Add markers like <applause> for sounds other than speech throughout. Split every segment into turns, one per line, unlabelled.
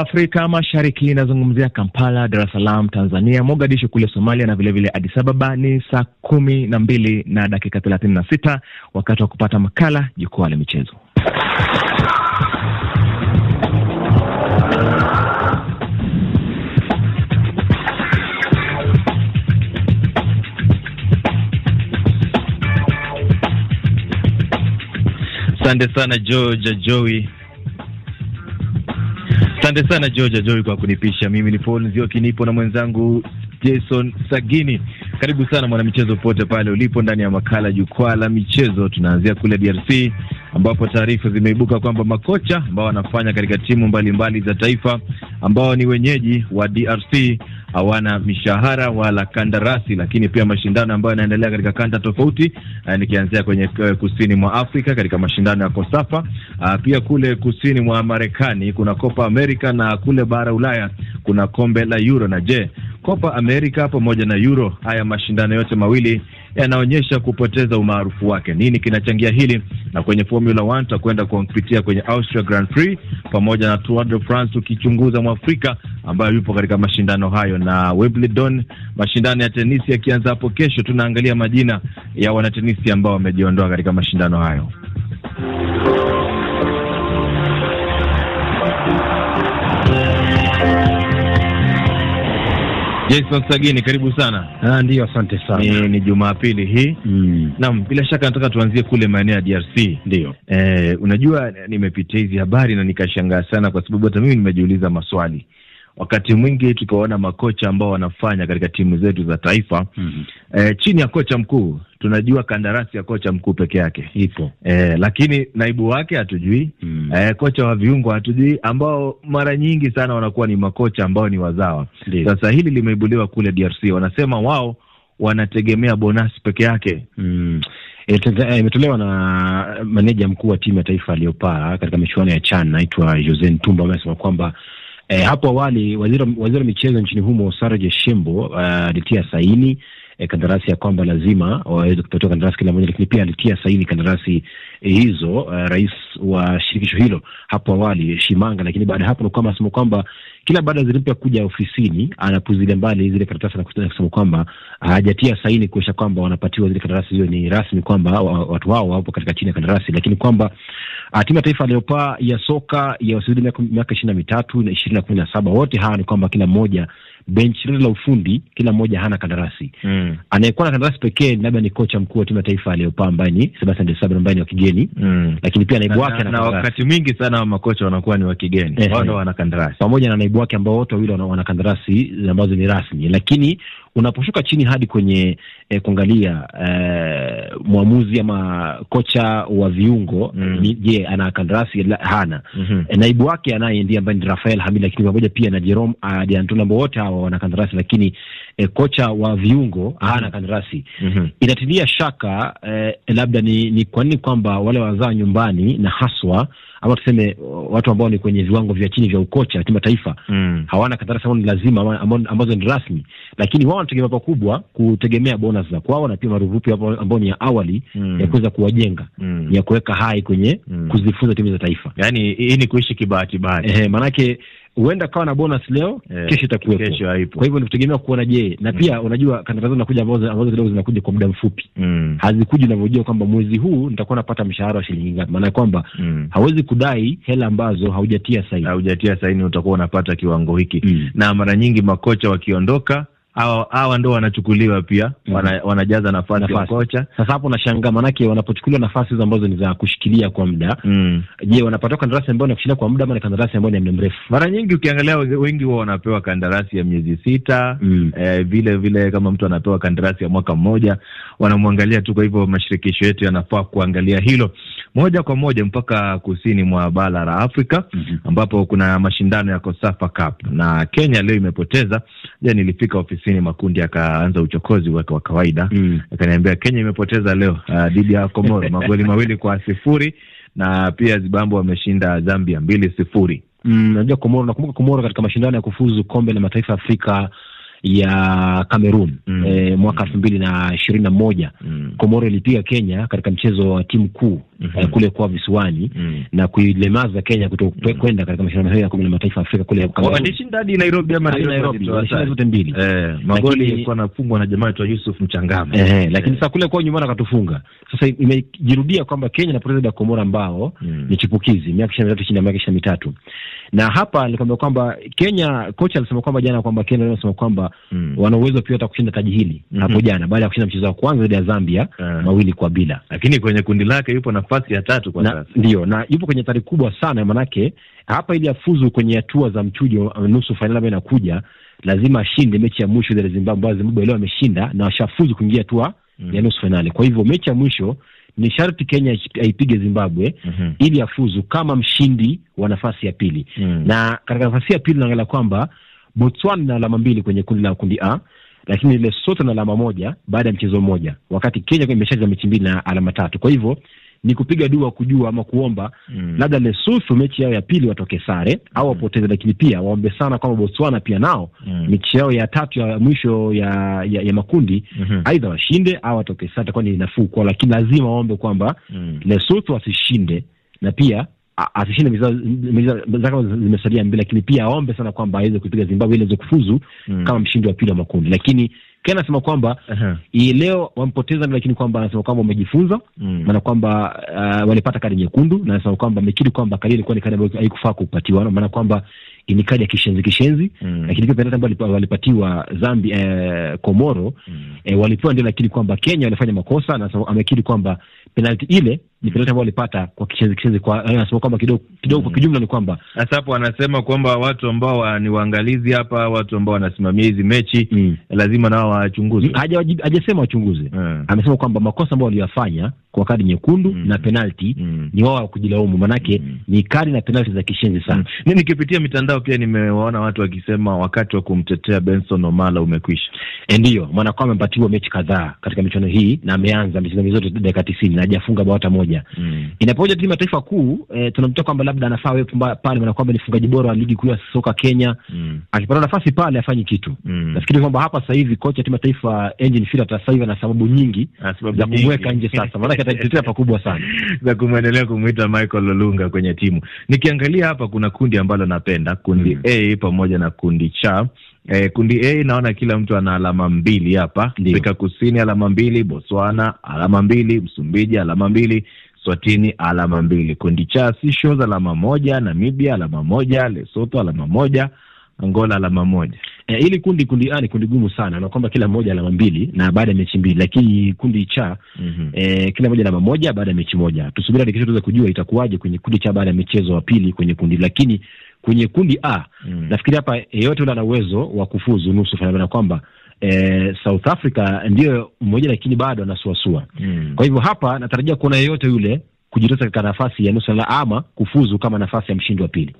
Afrika Mashariki inazungumzia Kampala, Dar es Salaam Tanzania, Mogadishu kule Somalia na vilevile Addis Ababa. Ni saa kumi na mbili na dakika thelathini na sita
wakati wa kupata makala jukwaa la michezo.
Asante sana George Joey Asante sana Georgia Joy kwa kunipisha. Mimi ni Paul Nzioki, nipo na mwenzangu Jason Sagini. Karibu sana mwanamichezo, popote pale ulipo, ndani ya makala Jukwaa la Michezo. Tunaanzia kule DRC ambapo taarifa zimeibuka kwamba makocha ambao wanafanya katika timu mbalimbali mbali za taifa ambao ni wenyeji wa DRC hawana mishahara wala kandarasi, lakini pia mashindano ambayo yanaendelea katika kanda tofauti, eh, nikianzia kwenye eh, kusini mwa Afrika katika mashindano ya Kosafa, ah, pia kule kusini mwa Marekani kuna Copa America na kule bara Ulaya kuna kombe la Euro. Na je, Copa America pamoja na Euro. Haya mashindano yote mawili yanaonyesha kupoteza umaarufu wake. Nini kinachangia hili? Na kwenye Formula 1 tutakwenda kupitia kwenye Austria Grand Prix pamoja na Tour de France, tukichunguza mwafrika ambayo yupo katika mashindano hayo, na Wimbledon, mashindano ya tenisi yakianza hapo kesho. Tunaangalia majina ya wanatenisi ambao wamejiondoa katika mashindano hayo. Jason Sagini, karibu sana. Ah, ndio, asante sana. Ni, ni Jumapili hii mm. Naam, bila shaka nataka tuanzie kule maeneo ya DRC. Ndio eh, unajua nimepitia hizi habari na nikashangaa sana, kwa sababu hata mimi nimejiuliza maswali wakati mwingi tukiwaona makocha ambao wanafanya katika timu zetu za taifa mm -hmm. E, chini ya kocha mkuu tunajua kandarasi ya kocha mkuu peke yake ipo, e, lakini naibu wake hatujui mm. E, kocha wa viungo hatujui, ambao mara nyingi sana wanakuwa ni makocha ambao ni wazawa. Sasa hili limeibuliwa kule DRC, wanasema wao wanategemea bonasi peke yake
mm. Imetolewa na maneja mkuu wa timu ya taifa aliyopaa katika michuano ya CHAN naitwa Jose Ntumba, amesema kwamba Eh, hapo awali waziri wa michezo nchini humo saraje shembo eh, alitia uh, saini eh, kandarasi ya kwamba lazima waweze kupatiwa kandarasi kila moja, lakini pia alitia saini kandarasi eh, hizo uh, rais wa shirikisho hilo hapo awali Shimanga. Lakini baada ya hapo ni kwamba anasema kwamba kila baada ya zilimpya kuja ofisini anapuzilia mbali zile karatasi na kusema kwamba hajatia saini kuonyesha kwamba wanapatiwa zile kandarasi hizo ni rasmi, kwamba watu wao wapo katika chini ya kandarasi, lakini kwamba ah, timu ya taifa Leopard ya soka ya wasiozidi miaka ishirini na mitatu na ishirini na kumi na saba wote hawa ni kwamba kila mmoja benchi lote la ufundi, kila mmoja hana kandarasi mm. Anayekuwa na kandarasi pekee labda ni kocha mkuu wa timu ya taifa aliyopaa ambaye ni Sebastian de Sabre ambaye ni wa kigeni mm. Lakini pia naibu wake na, na, na wakati
mwingi sana wa makocha wanakuwa ni wa kigeni eh, wao wana
kandarasi pamoja na naibu wake ambao wote wawili wana kandarasi ambazo ni rasmi, lakini unaposhuka chini hadi kwenye eh, kuangalia eh, mwamuzi ama kocha wa viungo mm. ni je, ana kandarasi hana mm -hmm. eh, naibu wake anaye ndiye ambaye ni Rafael Hamid, lakini pamoja pia na Jerome uh, eh, Diantula ambao wote hawa wana kandarasi lakini eh, kocha wa viungo hana kandarasi mm -hmm. Inatilia shaka eh, labda ni, ni kwa nini kwamba wale wazaa nyumbani na haswa ama tuseme watu ambao ni kwenye viwango vya chini vya ukocha taifa mm. hawana kandarasi ambao ni lazima ambazo ni rasmi, lakini wao wanategemea pakubwa kutegemea bonus za kwao na pia marupurupu ambao ni ya awali mm. ya kuweza kuwajenga mm. ya kuweka hai kwenye mm. kuzifunza timu za taifa. Yani hii ni kuishi kibahati bahati, eh, maanake huenda kawa na bonus leo yeah, kesho itakuwepo. Kesho haipo, kwa hivyo nikutegemea kuona je, na pia mm, unajua kandarasi zinakuja ambazo ambazo kidogo zinakuja kwa muda mfupi mm, hazikuji unavyojua kwamba mwezi huu nitakuwa napata mshahara wa shilingi ngapi, maana kwamba mm, hawezi kudai hela ambazo haujatia saini, haujatia
saini utakuwa unapata kiwango hiki mm, na mara nyingi makocha wakiondoka hawa ndo wanachukuliwa pia mm. wana, wanajaza nafasi, nafasi ya
kocha. Sasa hapo unashangaa, maanake wanapochukuliwa nafasi hizo ambazo ni za kushikilia kwa muda mm. Je, wanapatiwa kandarasi ambayo ni ya kushikilia kwa muda ama ni kandarasi ambayo ni ya muda mrefu? Mara nyingi ukiangalia wengi huwa wanapewa
kandarasi ya
miezi sita mm. eh, vile
vile kama mtu anapewa kandarasi ya mwaka mmoja wanamwangalia tu. Kwa hivyo mashirikisho yetu yanafaa kuangalia hilo moja kwa moja mpaka kusini mwa bara la Afrika mm -hmm. ambapo kuna mashindano ya Kosafa Cup na Kenya leo imepoteza Je, nilifika ofisini, Makundi akaanza uchokozi wake wa kawaida mm. Akaniambia Kenya imepoteza leo ah, dhidi ya Komoro <laughs> magoli mawili kwa sifuri na pia Zimbabwe wameshinda Zambia mbili sifuri.
Najua mm, Komoro, nakumbuka Komoro katika mashindano ya kufuzu kombe la mataifa ya Afrika ya cameron mm. E, mwaka elfu mbili na ishirini na moja mm. Komoro ilipiga Kenya katika mchezo wa timu kuu mm -hmm. kule kwa visiwani mm -hmm. na kuilemaza Kenya kuto mm. kwenda mm -hmm. katika mashindano hayo ya kombe la mataifa Afrika kule kwa alishinda
hadi Nairobi ama Nairobi alishinda zote
mbili eh, magoli ilikuwa nafungwa na jamaa aitwa Yusuf Mchangama eh, eh, lakini eh. sasa kule kwa nyumbani akatufunga. Sasa imejirudia kwamba Kenya inapoteza da Komora ambao mm -hmm. ni chipukizi miaka 23 chini ya miaka 23 na hapa nilikwambia kwamba Kenya kocha alisema kwamba jana kwamba Kenya alisema kwamba mm. wana uwezo pia hata kushinda taji hili mm -hmm. hapo mm-hmm. jana baada ya kushinda mchezo wa kwanza dhidi ya Zambia yeah. mawili kwa bila, lakini kwenye kundi lake yupo na nafasi ya tatu kwa sasa, ndio na yupo kwenye hatari kubwa sana, maanake hapa ili afuzu kwenye hatua za mchujo uh, nusu fainali ambayo inakuja, lazima ashinde mechi ya mwisho dhidi ya Zimbabwe, ambayo Zimbabwe leo ameshinda na washafuzu kuingia hatua mm ya nusu fainali. Kwa hivyo mechi ya mwisho ni sharti Kenya aipige Zimbabwe mm -hmm. ili afuzu kama mshindi wa nafasi ya pili mm na katika nafasi ya pili naangalia kwamba Botswana na alama mbili kwenye kundi la kundi A lakini Lesotho na alama moja baada ya mchezo mmoja, wakati Kenya imeshacheza mechi mbili na alama tatu. Kwa hivyo ni kupiga dua kujua ama kuomba mm. labda lesuthu mechi yao ya pili watoke sare au wapoteze, lakini pia waombe sana kwamba Botswana pia nao mm. mechi yao ya tatu ya mwisho ya, ya, ya makundi mm -hmm. aidha washinde au watoke sare, takuwa ni nafuu kwao, lakini lazima waombe kwamba mm. Lesotho wasishinde na pia asishinde mechi zimesalia mbili, lakini pia aombe sana kwamba aweze kuipiga Zimbabwe ili aweze kufuzu mm. kama mshindi wa pili wa makundi. Lakini Ken anasema kwamba uh -huh. leo wampoteza, lakini kwamba anasema kwamba wamejifunza hmm. maana mm. kwamba uh, walipata kadi nyekundu, na anasema kwamba amekiri kwamba kadi ilikuwa ni kadi ambayo haikufaa kupatiwa, maana kwamba ni kadi ya kishenzi kishenzi mm. lakini pia penalti ambayo walipatiwa Zambi eh, Komoro mm. eh, walipewa ndio, lakini kwamba Kenya walifanya makosa na amekiri kwamba penalti ile ni penalti ambayo walipata kwa kichezi kichezi, kwa anasema kwamba kidogo kidogo, kwa mm. kijumla ni kwamba
sasa hapo anasema kwamba watu ambao ni waangalizi hapa, watu ambao wanasimamia hizi mechi mm, lazima nao
wachunguze. Hajasema wachunguze, mm. amesema kwamba makosa ambayo waliyafanya kwa kadi nyekundu mm, na penalti mm, ni wao wa kujilaumu, manake mm, ni kadi na penalti za kishenzi sana. Mm, nikipitia mitandao pia nimewaona watu wakisema wakati wa kumtetea Benson Omala umekwisha. Eh, Ndio maana kwamba amepatiwa mechi kadhaa katika michuano hii na ameanza michezo mizote dakika tisini na hajafunga bao hata moja. Mm. Inapokuja timu ya taifa kuu e, eh, tunamtoa kwamba labda anafaa wewe pale maana kwamba ni mfungaji bora wa ligi kuu ya soka Kenya. Mm. Akipata nafasi pale afanye kitu. Mm. Nafikiri kwamba hapa sasa hivi kocha timu ya taifa engine Firat sasa hivi ana sababu nyingi
za kumweka nje sasa. Maana atajitetea pakubwa sana. <laughs> za kumwendelea kumuita Michael Olunga kwenye timu. Nikiangalia hapa kuna kundi ambalo napenda, kundi mm. A pamoja na kundi cha Eh, kundi A naona kila mtu ana alama mbili hapa. Afrika Kusini alama mbili, Botswana alama mbili, Msumbiji alama mbili, Swatini alama mbili. Kundi cha Seychelles alama moja, Namibia alama moja, Lesotho
alama moja, Angola alama moja. Eh, ili kundi kundi A ni kundi gumu sana na kwamba kila mmoja alama mbili na baada ya mechi mbili, lakini kundi cha mm -hmm. eh, kila mmoja alama moja baada ya mechi moja. Tusubiri hadi kesho tuweze kujua itakuwaje kwenye kundi cha baada ya michezo wa pili kwenye kundi, lakini kwenye kundi A mm. Nafikiri hapa yeyote yule ana uwezo wa kufuzu nusu fainali na kwamba e, South Africa ndiyo mmoja, lakini bado anasuasua mm. Kwa hivyo hapa natarajia kuona yeyote yule kujitosa katika nafasi ya nusu fainali ama kufuzu kama nafasi ya mshindi wa pili.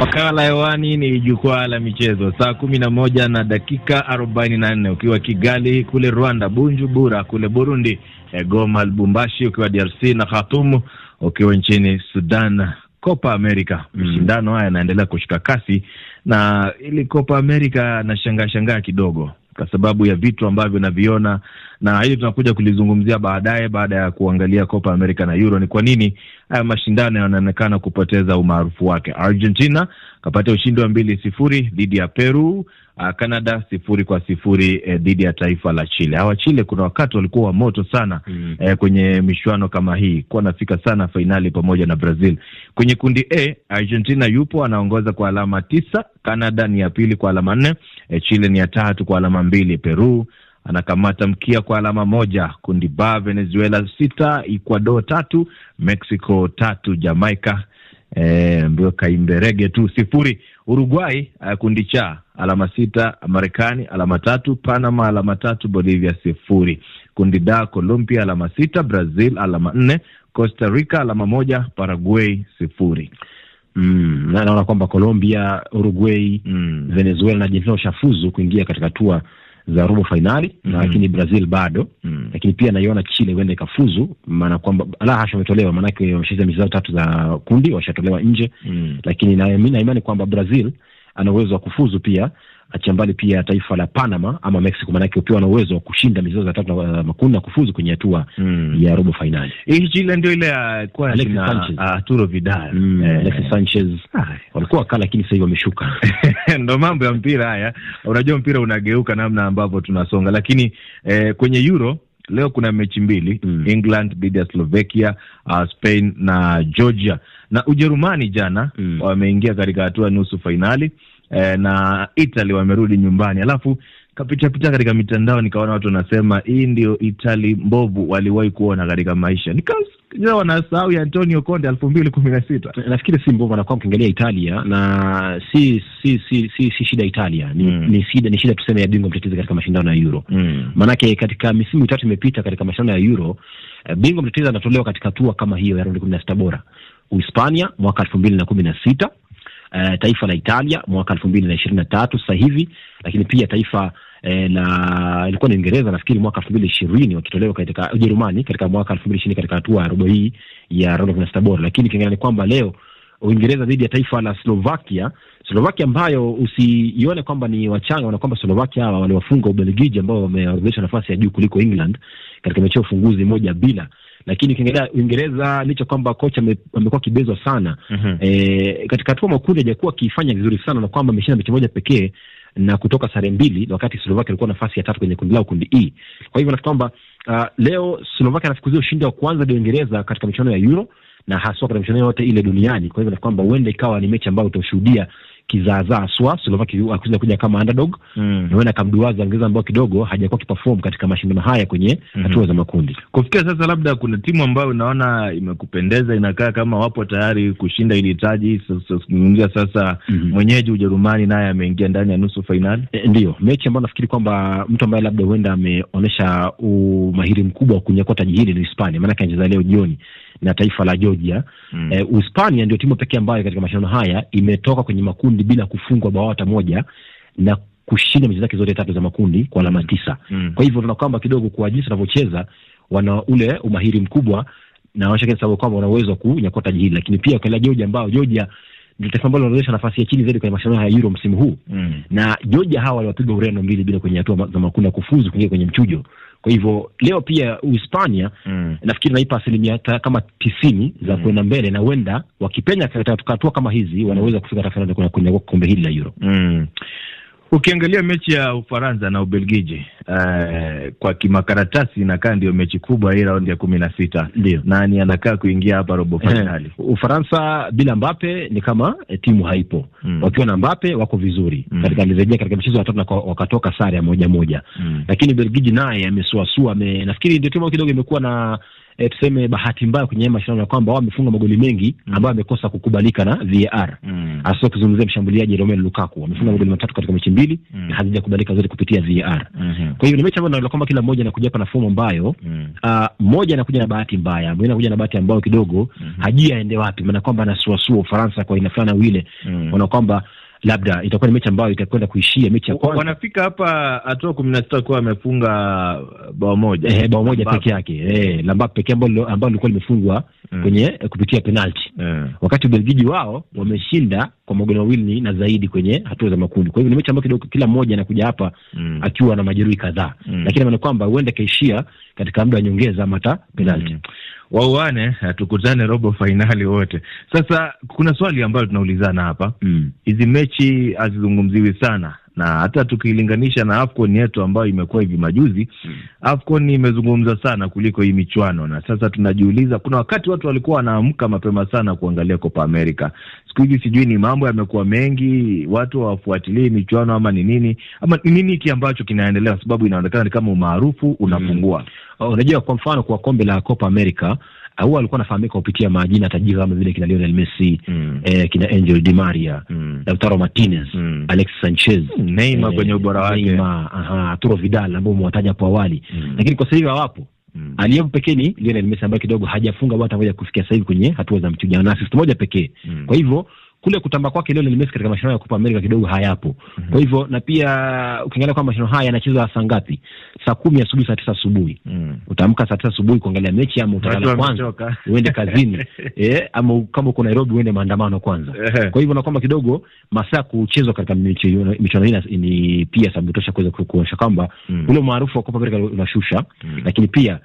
Makala la hewani ni jukwaa la michezo, saa kumi na moja na dakika arobaini na nne ukiwa Kigali kule Rwanda, Bujumbura kule Burundi, eh, Goma, Lubumbashi ukiwa DRC na Khartoum ukiwa nchini Sudan. Copa America mm-hmm. mashindano mm, haya yanaendelea kushika kasi, na ili Copa America nashangaa shangaa kidogo kwa sababu ya vitu ambavyo naviona, na hili tunakuja kulizungumzia baadaye, baada ya kuangalia Copa America na Euro, ni kwa nini haya mashindano yanaonekana kupoteza umaarufu wake. Argentina kapata ushindi wa mbili sifuri dhidi ya Peru. Ah, Canada sifuri kwa sifuri eh, dhidi ya taifa la Chile. Hawa Chile kuna wakati walikuwa wa moto sana mm. eh, kwenye michuano kama hii kuwa nafika sana fainali pamoja na Brazil. Kwenye kundi A Argentina yupo anaongoza kwa alama tisa, Canada ni ya pili kwa alama nne, eh, Chile ni ya tatu kwa alama mbili, Peru anakamata mkia kwa alama moja. Kundi ba Venezuela sita, Ecuador tatu, Mexico tatu, Jamaica E, eh, mbio kaimberege tu sifuri. Uruguay eh, kundi cha alama sita, Marekani alama tatu, Panama alama tatu, Bolivia sifuri. Kundi da Colombia alama sita, Brazil alama nne, Costa Rica alama moja, Paraguay sifuri.
Mm, naona kwamba Colombia, Uruguay mm, Venezuela na Argentina ushafuzu kuingia katika hatua za robo fainali mm -hmm. Lakini Brazil bado mm -hmm. Lakini pia naiona Chile huenda ikafuzu, maana kwamba la hasha wametolewa, maanake wameshacheza michezo tatu za kundi washatolewa nje mm -hmm. Lakini na naimani kwamba Brazil ana uwezo wa kufuzu pia, achia mbali pia taifa la Panama ama Mexico, maanake pia wana uwezo wa kushinda michezo ya tatu na uh, makundi na kufuzu kwenye hatua mm. ya robo fainali. Hii ndio ile Alexis Sanchez, Arturo Vidal, mm. eh. Sanchez walikuwa kala, lakini sasa hivi wameshuka. <laughs> ndo mambo ya mpira haya,
unajua mpira unageuka namna ambavyo tunasonga, lakini eh, kwenye Euro leo kuna mechi mbili mm. England dhidi ya Slovakia, uh, Spain na Georgia na Ujerumani jana mm. wameingia katika hatua nusu fainali e, eh, na Italy wamerudi nyumbani. Alafu kapitapita katika mitandao nikaona watu wanasema hii ndio itali mbovu waliwahi kuona katika maisha, nikawa
wanasahau ya Antonio Conte elfu mbili kumi na sita. Nafikiri si mbovu, anakuwa ukiangalia Italia na si si si, si, si shida Italia ni, mm. ni shida ni shida tuseme ya bingwa mtetezi katika mashindano ya Euro mm. katika misimu mitatu imepita katika mashindano ya Euro eh, bingwa mtetezi anatolewa katika hatua kama hiyo ya rundi kumi na sita bora Uhispania mwaka elfu mbili na kumi na sita uh, taifa la Italia mwaka elfu mbili na ishirini na tatu sasa hivi, lakini pia taifa e, la ilikuwa ni Uingereza nafikiri mwaka elfu mbili ishirini wakitolewa katika Ujerumani katika mwaka elfu mbili ishirini katika hatua ya robo hii ya round of 16 bora, lakini kiangalia ni kwamba leo Uingereza dhidi ya taifa la Slovakia, Slovakia ambayo usiione kwamba ni wachanga na kwamba Slovakia hawa waliwafunga Ubelgiji ambao wameorodheshwa nafasi ya juu kuliko England katika mechi ya ufunguzi moja bila lakini ukiangalia Uingereza, licha kwamba kocha amekuwa kibezwa sana mm -hmm. E, katika hatua makundi hajakuwa akifanya vizuri sana, na kwamba ameshinda mechi moja pekee na kutoka sare mbili, wakati Slovakia alikuwa nafasi ya tatu kwenye kundi lao, kundi E. Kwa hivyo nafikiri kwamba uh, leo Slovakia anafukuzia ushindi wa kwanza ya Uingereza katika michuano ya Euro na haswa katika michuano yote ile duniani. Kwa hivyo nafikiri kwamba huenda ikawa ni mechi ambayo utashuhudia kizaazaa swa Slovakia akuja kuja kama underdog mm. naona kamduwaza Uingereza ambao kidogo hajakuwa kiperform katika mashindano haya kwenye mm -hmm. hatua za makundi.
Kufikia sasa, labda kuna timu ambayo unaona imekupendeza inakaa kama wapo tayari kushinda ili taji zungumzia sasa mm -hmm. mwenyeji Ujerumani naye ameingia ndani ya nusu fainali e, eh, ndiyo
mechi ambayo nafikiri kwamba mtu ambaye labda huenda ameonyesha umahiri mkubwa wa kunyakua taji hili ni Hispania, maanake anacheza leo jioni na taifa la Georgia mm. Eh, Uhispania ndio timu pekee ambayo katika mashindano haya imetoka kwenye makundi bila kufungwa bao hata moja na kushinda mechi zake zote tatu za makundi kwa alama mm. tisa. Mm. Kwa hivyo tuna kwamba kidogo kwa jinsi wanavyocheza wana ule umahiri mkubwa na wanashaka sababu kwamba wana uwezo wa kunyakua taji hili, lakini pia ukiangalia Georgia ambao Georgia ndio taifa ambalo linaonyesha nafasi ya chini zaidi kwenye mashindano ya Euro msimu huu mm. na Georgia hawa waliwapiga Ureno mbili bila kwenye hatua za makundi ya kufuzu kuingia kwenye mchujo. Kwa hivyo leo pia Uhispania mm. nafikiri naipa asilimia kama tisini za mm. kuenda mbele, na huenda wakipenya katika hatua kama hizi wanaweza kufika hata fainali kwenye kombe hili la Euro
mm. Ukiangalia mechi ya Ufaransa na Ubelgiji uh, kwa kimakaratasi inakaa ndio mechi kubwa hii
raundi ya kumi na sita. Ndio nani anakaa kuingia hapa robo eh, fainali? Ufaransa bila Mbape ni kama eh, timu haipo mm. Wakiwa na Mbape wako vizuri mm. Katika alirejea katika mchezo wa tatu wakatoka sare ya moja moja mm. Lakini Ubelgiji naye amesuasua nafkiri nafikiri ndio timu kidogo imekuwa na e, tuseme bahati mbaya kwenye mashindano ya kwamba wamefunga magoli mengi mm. ambayo amekosa kukubalika na VAR mm. hasa kuzungumzia mshambuliaji Romelu Lukaku amefunga mm. magoli matatu katika mechi mbili mm. na hazijakubalika zote kupitia VAR mm -hmm. kwa hiyo ni mechi ambayo naona kwamba kila mmoja anakuja hapa na fomu ambayo mm. uh, anakuja na bahati mbaya mwingine anakuja na bahati ambayo kidogo mm -hmm. hajui aende wapi maana kwamba anasuasua Ufaransa kwa ina fulani au ile mm. kwamba labda itakuwa ni mechi ambayo itakwenda kuishia mechi ya kwanza.
Wanafika hapa hatua kumi na sita wakiwa amefunga uh, bao moja eh, bao moja peke yake
eh, Lambapu pekee ambalo lilikuwa limefungwa mm, kwenye eh, kupitia penalti yeah. Wakati Ubelgiji wao wameshinda kwa magoli mawili na zaidi kwenye hatua za makundi. Kwa hivyo ni mechi ambayo kidogo kila mmoja anakuja hapa mm, akiwa na majeruhi kadhaa mm, lakini maana kwamba huenda kaishia katika muda wa nyongeza ama hata penalti mm. Wauane tukutane robo fainali wote. Sasa kuna
swali ambalo tunaulizana hapa mm. hizi mm. mechi hazizungumziwi sana na hata tukilinganisha na AFCON yetu ambayo imekuwa hivi majuzi mm. AFCON imezungumza sana kuliko hii michuano, na sasa tunajiuliza, kuna wakati watu walikuwa wanaamka mapema sana kuangalia Copa America. Siku hizi sijui ni mambo yamekuwa mengi, watu hawafuatilii michuano ama ni nini, ama
ni nini hiki ambacho kinaendelea, kwa sababu inaonekana ni kama umaarufu unapungua mm unajua kwa mfano kwa kombe la Copa America eh, huwa alikuwa anafahamika kupitia majina tajiri kama vile kina Lionel Messi mm. eh, kina Angel Di Maria mm. Lautaro Martinez mm. Alexis Sanchez mm, Neymar eh, kwenye ubora wake Neymar, aha, Arturo Vidal ambao umewataja hapo awali mm. lakini kwa sasa hivi hawapo Mm. Aliyepo pekee ni Lionel Messi ambaye kidogo hajafunga bao hata moja kufikia sasa hivi kwenye hatua za mchujo na assist moja pekee. Mm. Kwa hivyo kule kutamba kwake Lionel Messi katika mashindano ya Copa America kidogo hayapo. mm -hmm. Kwa hivyo na pia ukiangalia kwa mashindano haya yanachezwa saa ngapi? Saa kumi asubuhi, saa tisa asubuhi. mm Utaamka saa tisa asubuhi kuangalia mechi ama utalala kwanza
uende kazini <laughs> eh,
ama kama uko Nairobi uende maandamano kwanza. Eh. Kwa hivyo na kwamba kidogo masaa kuchezwa katika michuano hii ni pia sababu tosha kuweza kuonyesha kwamba mm ule maarufu wa Copa America unashusha, mm lakini pia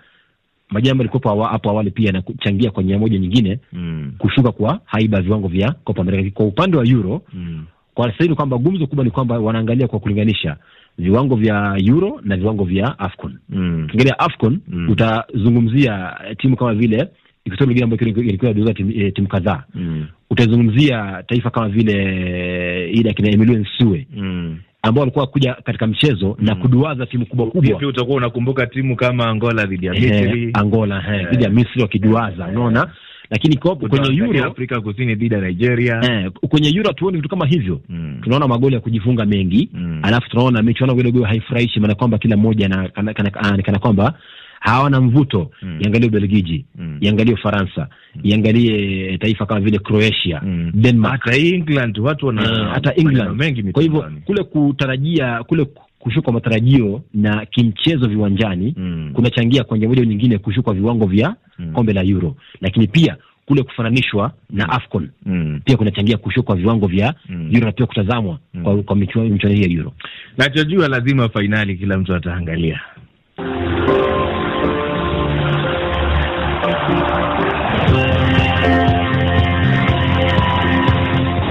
majambo yalikuwepo hapo awali pia yanachangia kwa njia moja nyingine, mm. kushuka kwa haiba viwango vya Copa America. Kwa upande wa Euro mm. kwa sasa hivi kwamba gumzo kubwa ni kwamba wanaangalia kwa kulinganisha viwango vya Euro na viwango vya Afcon.
Mm. Ukiangalia
Afcon mm. utazungumzia timu kama vile ikitoa ligi ambayo ilikuwa inageuza eh, timu e, kadhaa mm. utazungumzia taifa kama vile ile kina Emilio Nsue mm ambao walikuwa wakuja katika mchezo na mm. kuduaza timu kubwa kubwa. Pia
utakuwa unakumbuka timu kama Angola dhidi ya Misri,
Angola eh. dhidi ya Misri wakiduaza, eh. unaona lakini kopo, kwenye Euro Afrika Kusini dhidi ya Nigeria eh, kwenye Euro tuone vitu kama hivyo mm. Tunaona magoli ya kujifunga mengi mm. Alafu tunaona michuano kidogo haifurahishi, maana kwamba kila mmoja na kana, kana, kana, kana kwamba hawana mvuto mm. Iangalie Ubelgiji mm. Iangalie Ufaransa iangalie taifa kama vile Croatia, mm. Denmark, hata England, watu wana eh, hata England mengi. Kwa hivyo kule kutarajia kule kushuka matarajio na kimchezo viwanjani mm. kunachangia kwa njia moja nyingine kushuka viwango vya mm. kombe la Euro, lakini pia kule kufananishwa mm. na AFCON mm. pia kunachangia kushuka kwa viwango vya mm. Euro na pia kutazamwa mm. kwa, kwa michuano hii ya Euro. Nachojua lazima fainali kila mtu ataangalia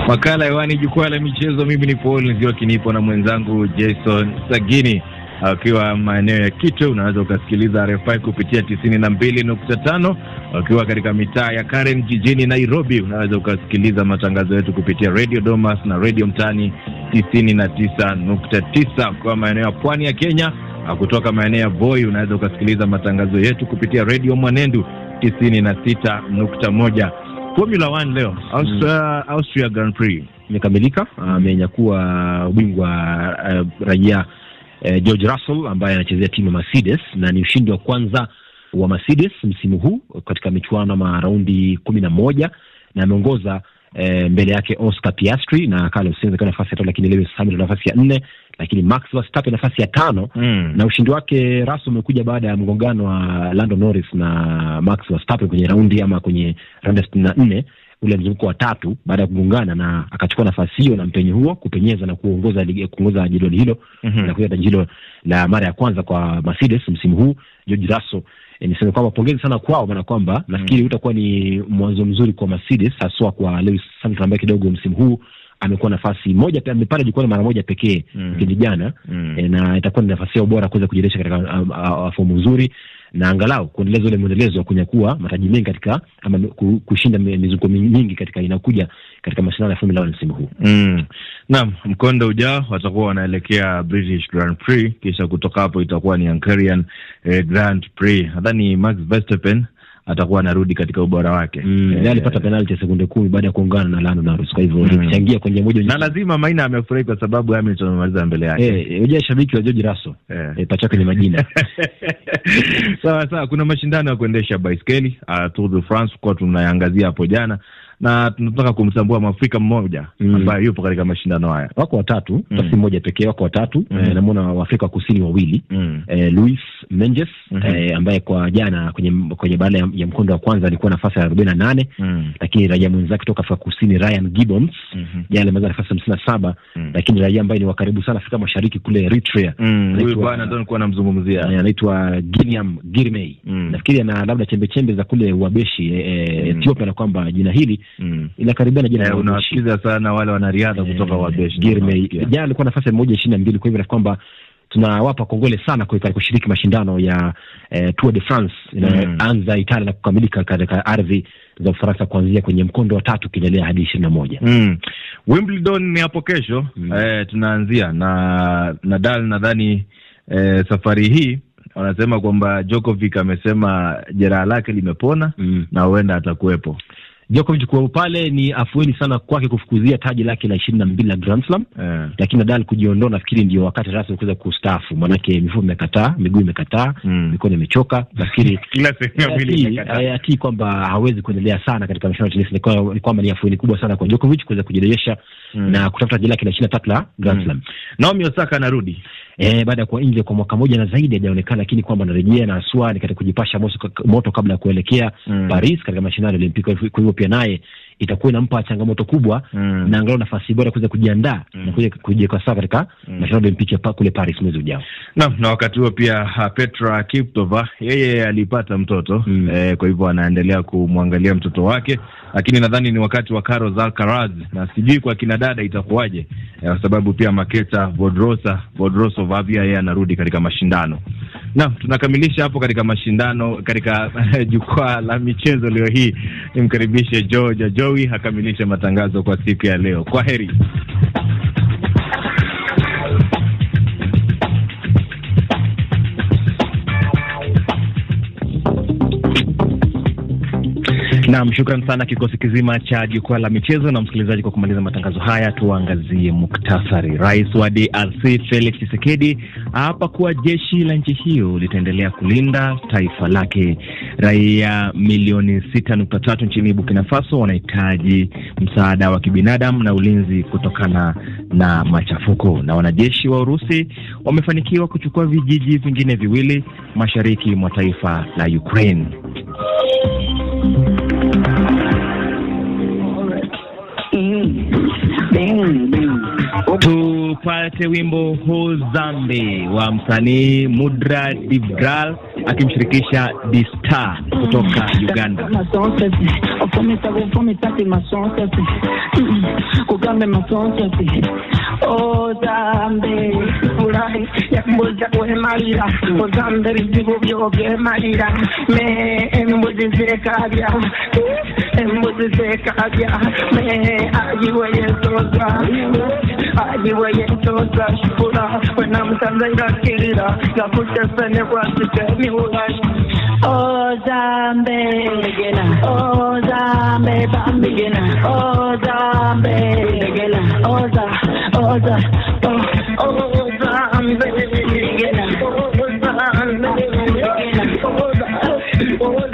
Makala hewani, jukwaa la michezo. Mimi ni Paul Nzio Kinipo na mwenzangu Jason Sagini akiwa maeneo ya Kitwe. Unaweza ukasikiliza RFI kupitia tisini na mbili nukta tano akiwa katika mitaa ya Karen jijini Nairobi. Unaweza ukasikiliza matangazo yetu kupitia Radio Domas na Radio Mtani tisini na tisa nukta tisa ukiwa maeneo ya pwani ya Kenya. Kutoka maeneo ya Voi unaweza ukasikiliza matangazo yetu kupitia Radio Mwanendu tisini na sita nukta moja Formula 1 leo Austria,
mm. Uh, Austria Grand Prix imekamilika, amenyakua uh, bingwa uh, raia uh, George Russell ambaye anachezea timu ya Mercedes na ni ushindi wa kwanza wa Mercedes msimu huu katika michuano ama raundi kumi na moja na ameongoza uh, mbele yake Oscar Piastri na Carlos Sainz akiwa nafasi ya tatu, lakini leo Hamilton nafasi ya nne lakini Max Verstappen nafasi ya tano mm. na ushindi wake rasmi umekuja baada ya mgongano wa Lando Norris na Max Verstappen kwenye raundi ama kwenye raundi ya sitini na nne ule mzunguko wa tatu baada ya kugongana na akachukua nafasi hiyo na mpenyo huo kupenyeza na kuongoza kuongoza jedwali hilo mm -hmm. na kuja taji hilo la mara ya kwanza kwa Mercedes msimu huu. George Russell e, niseme kwamba pongezi sana kwao, maana kwamba mm -hmm. utakuwa ni mwanzo mzuri kwa Mercedes, haswa kwa Lewis Hamilton ambaye kidogo msimu huu amekuwa nafasi moja, amepata jukwaa mara moja pekee mm. jana mm. E, na itakuwa ni nafasi yao bora kuweza kujiresha katika fomu nzuri na angalau kuendeleza ule mwendelezo wa kunyakua mataji mengi katika ama kushinda mizunguko mingi katika inayokuja katika mashindano ya Formula 1 msimu huu.
Mm. Naam, mkondo ujao watakuwa wanaelekea British Grand Prix, kisha kutoka hapo itakuwa ni Hungarian eh, Grand Prix. Nadhani Max
Verstappen atakuwa anarudi katika ubora wake. Mm, eh, alipata penalti ya sekunde kumi baada ya kuungana na Lando Norris, kwa hivyo alichangia mm, kwenye moja na
lazima Maina amefurahi kwa sababu Hamilton amemaliza mbele yake. Eh,
eh unajua shabiki wa George Russell yeah. eh, eh pacha kwenye majina
<laughs> sawa sawa. Kuna mashindano ya kuendesha baiskeli uh, Tour de France kwa tunaangazia hapo jana na tunataka kumtambua
Mwafrika mmoja mm. ambaye mm. yupo katika mashindano haya. Wako watatu mm. si mmoja pekee, wako watatu mm. E, eh, namuona Waafrika wa kusini wawili mm. e, Luis Menges mm -hmm. e, ambaye kwa jana kwenye, kwenye baada ya, ya mkondo wa kwanza alikuwa nafasi ya arobaini na nane mm. lakini raia mwenzake kutoka Afrika Kusini Ryan Gibbons mm -hmm. jana ameweza nafasi hamsini na saba mm. lakini raia ambaye ni wa karibu sana Afrika Mashariki kule Eritrea mm. huyu bwana ndo nilikuwa namzungumzia, anaitwa Giniam Girmay mm. nafikiri ana labda chembe chembe za kule Uabeshi e, mm. Ethiopia na kwamba jina hili mm. ila karibia na jina eh, unawasikiza sana wale wanariadha yeah, kutoka wa Girmay jana alikuwa nafasi ya moja ishirini na mbili. Kwa hivyo nafikiri kwamba tunawapa kongole sana kwa kushiriki mashindano ya eh, Tour de France inayoanza mm. Italia na kukamilika katika ardhi za Ufaransa kuanzia kwenye mkondo wa tatu ukiendelea hadi ishirini na moja. mm.
Wimbledon ni hapo kesho mm. eh, tunaanzia na Nadal nadhani eh, safari hii wanasema kwamba Djokovic amesema jeraha
lake limepona
mm. na huenda atakuwepo
Djokovic kuwa pale ni afueni sana kwake kufukuzia taji lake la ishirini na mbili la Grand Slam yeah. Lakini Nadal kujiondoa, nafikiri ndio wakati rasmi kuweza kustaafu, maanake mifumo imekataa, miguu imekataa, mm. mikono imechoka, nafikiri <laughs> atii eh, kwamba hawezi kuendelea sana katika mashindano ya tenisi. Ni kwamba ni afueni kubwa sana kwa Djokovic kuweza kujirejesha mm. na kutafuta taji lake la ishirini na tatu la Grand hmm. Slam mm. Naomi Osaka anarudi e, baada ya kuwa nje kwa mwaka moja na zaidi hajaonekana, lakini kwamba anarejea na aswa ni katika kujipasha moto kabla ya kuelekea mm. Paris katika mashindano ya Olimpiki. Kwa hivyo pia naye itakuwa inampa changamoto kubwa mm. na angalau nafasi bora kuweza kujiandaa mm. na kuja kwa sawa katika mm. mashindano ya Olimpiki pa, kule Paris mwezi ujao.
Naam, na wakati huo pia uh, Petra Kiptova yeye alipata mtoto mm. eh, kwa hivyo anaendelea kumwangalia mtoto wake, lakini nadhani ni wakati wa Carlos Alcaraz na sijui kwa kina dada itakuwaje eh, kwa eh, sababu pia Maketa Vodrosa Vodrosova pia yeye anarudi katika mashindano Naam, tunakamilisha hapo katika mashindano katika <laughs> jukwaa la michezo leo hii. Nimkaribishe George Joey akamilishe matangazo kwa siku ya leo. Kwa heri. Naam, shukran sana kikosi kizima cha jukwaa la michezo na msikilizaji. Kwa kumaliza matangazo haya, tuangazie muktasari. Rais wa DRC Felix Tshisekedi aapa kuwa jeshi la nchi hiyo litaendelea kulinda taifa lake. Raia milioni 6.3 nchini Burkina Faso wanahitaji msaada wa
kibinadamu na ulinzi kutokana na machafuko. Na wanajeshi wa Urusi wamefanikiwa kuchukua vijiji vingine viwili mashariki mwa taifa la Ukraine.
tupate wimbo hozambe wa msanii Mudra Divgal akimshirikisha Dista kutoka Uganda.
Mm. muzika ajya me ayiweye nzoza ayiweye nzoza shukura we Zambé, irakirira Zambé, nirwasite niwuraje Zambé, ndegena Zambé, bambigena Zambé, ndegena Zambé, oza Zambé, ndegena Zambé, ndegena Zambé,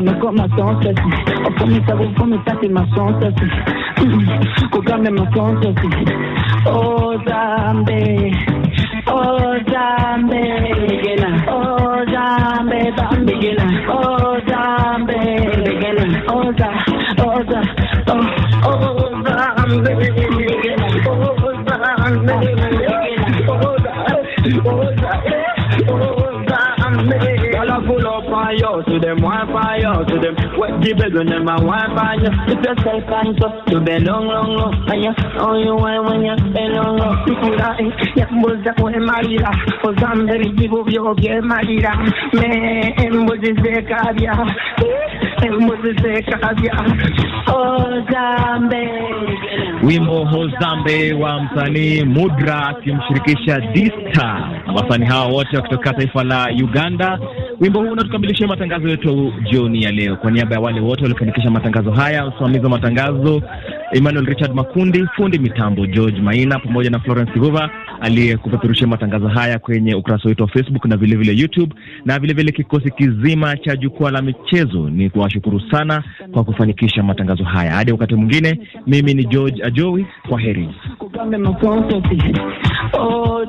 no como tontas. O fumita, vos fumitati más onzas. Cogame más onzas. Oh, dame. Oh, dame. Miguela. Oh, dame. Dame. Miguela. Oh, dame. Miguela. Oh, da. Oh, da. Oh, oh, dame. Miguela. Oh, dame. Miguela. Oh, da. Oh, da. Oh, da. full of fire to them one fire, to them What the bed when them a one fire. If you self conscious, you be long, long, long And you, Oh, you want when you be long, long You people die. Yeah, mboza kwe marira, for some very people you get marira. Me, mbozi se kabia, mbozi se kabia. Oh, zambe.
Wimbo Hozambe wa msanii Mudra akimshirikisha Dista, wasanii hawa wote kutoka taifa la Uganda. Wimbo huu unatukamilishia matangazo yetu jioni ya leo. Kwa niaba ya wale wote waliofanikisha matangazo haya, msimamizi wa matangazo Emmanuel Richard Makundi, fundi mitambo George Maina, pamoja na Florence Guva aliyekupeperushia matangazo haya kwenye ukurasa wetu wa Facebook na vilevile vile YouTube na vilevile vile kikosi kizima cha jukwaa la michezo. Ni kuwashukuru sana kwa kufanikisha matangazo haya. Hadi wakati mwingine, mimi ni George Ajowi, kwa heri.
Oh,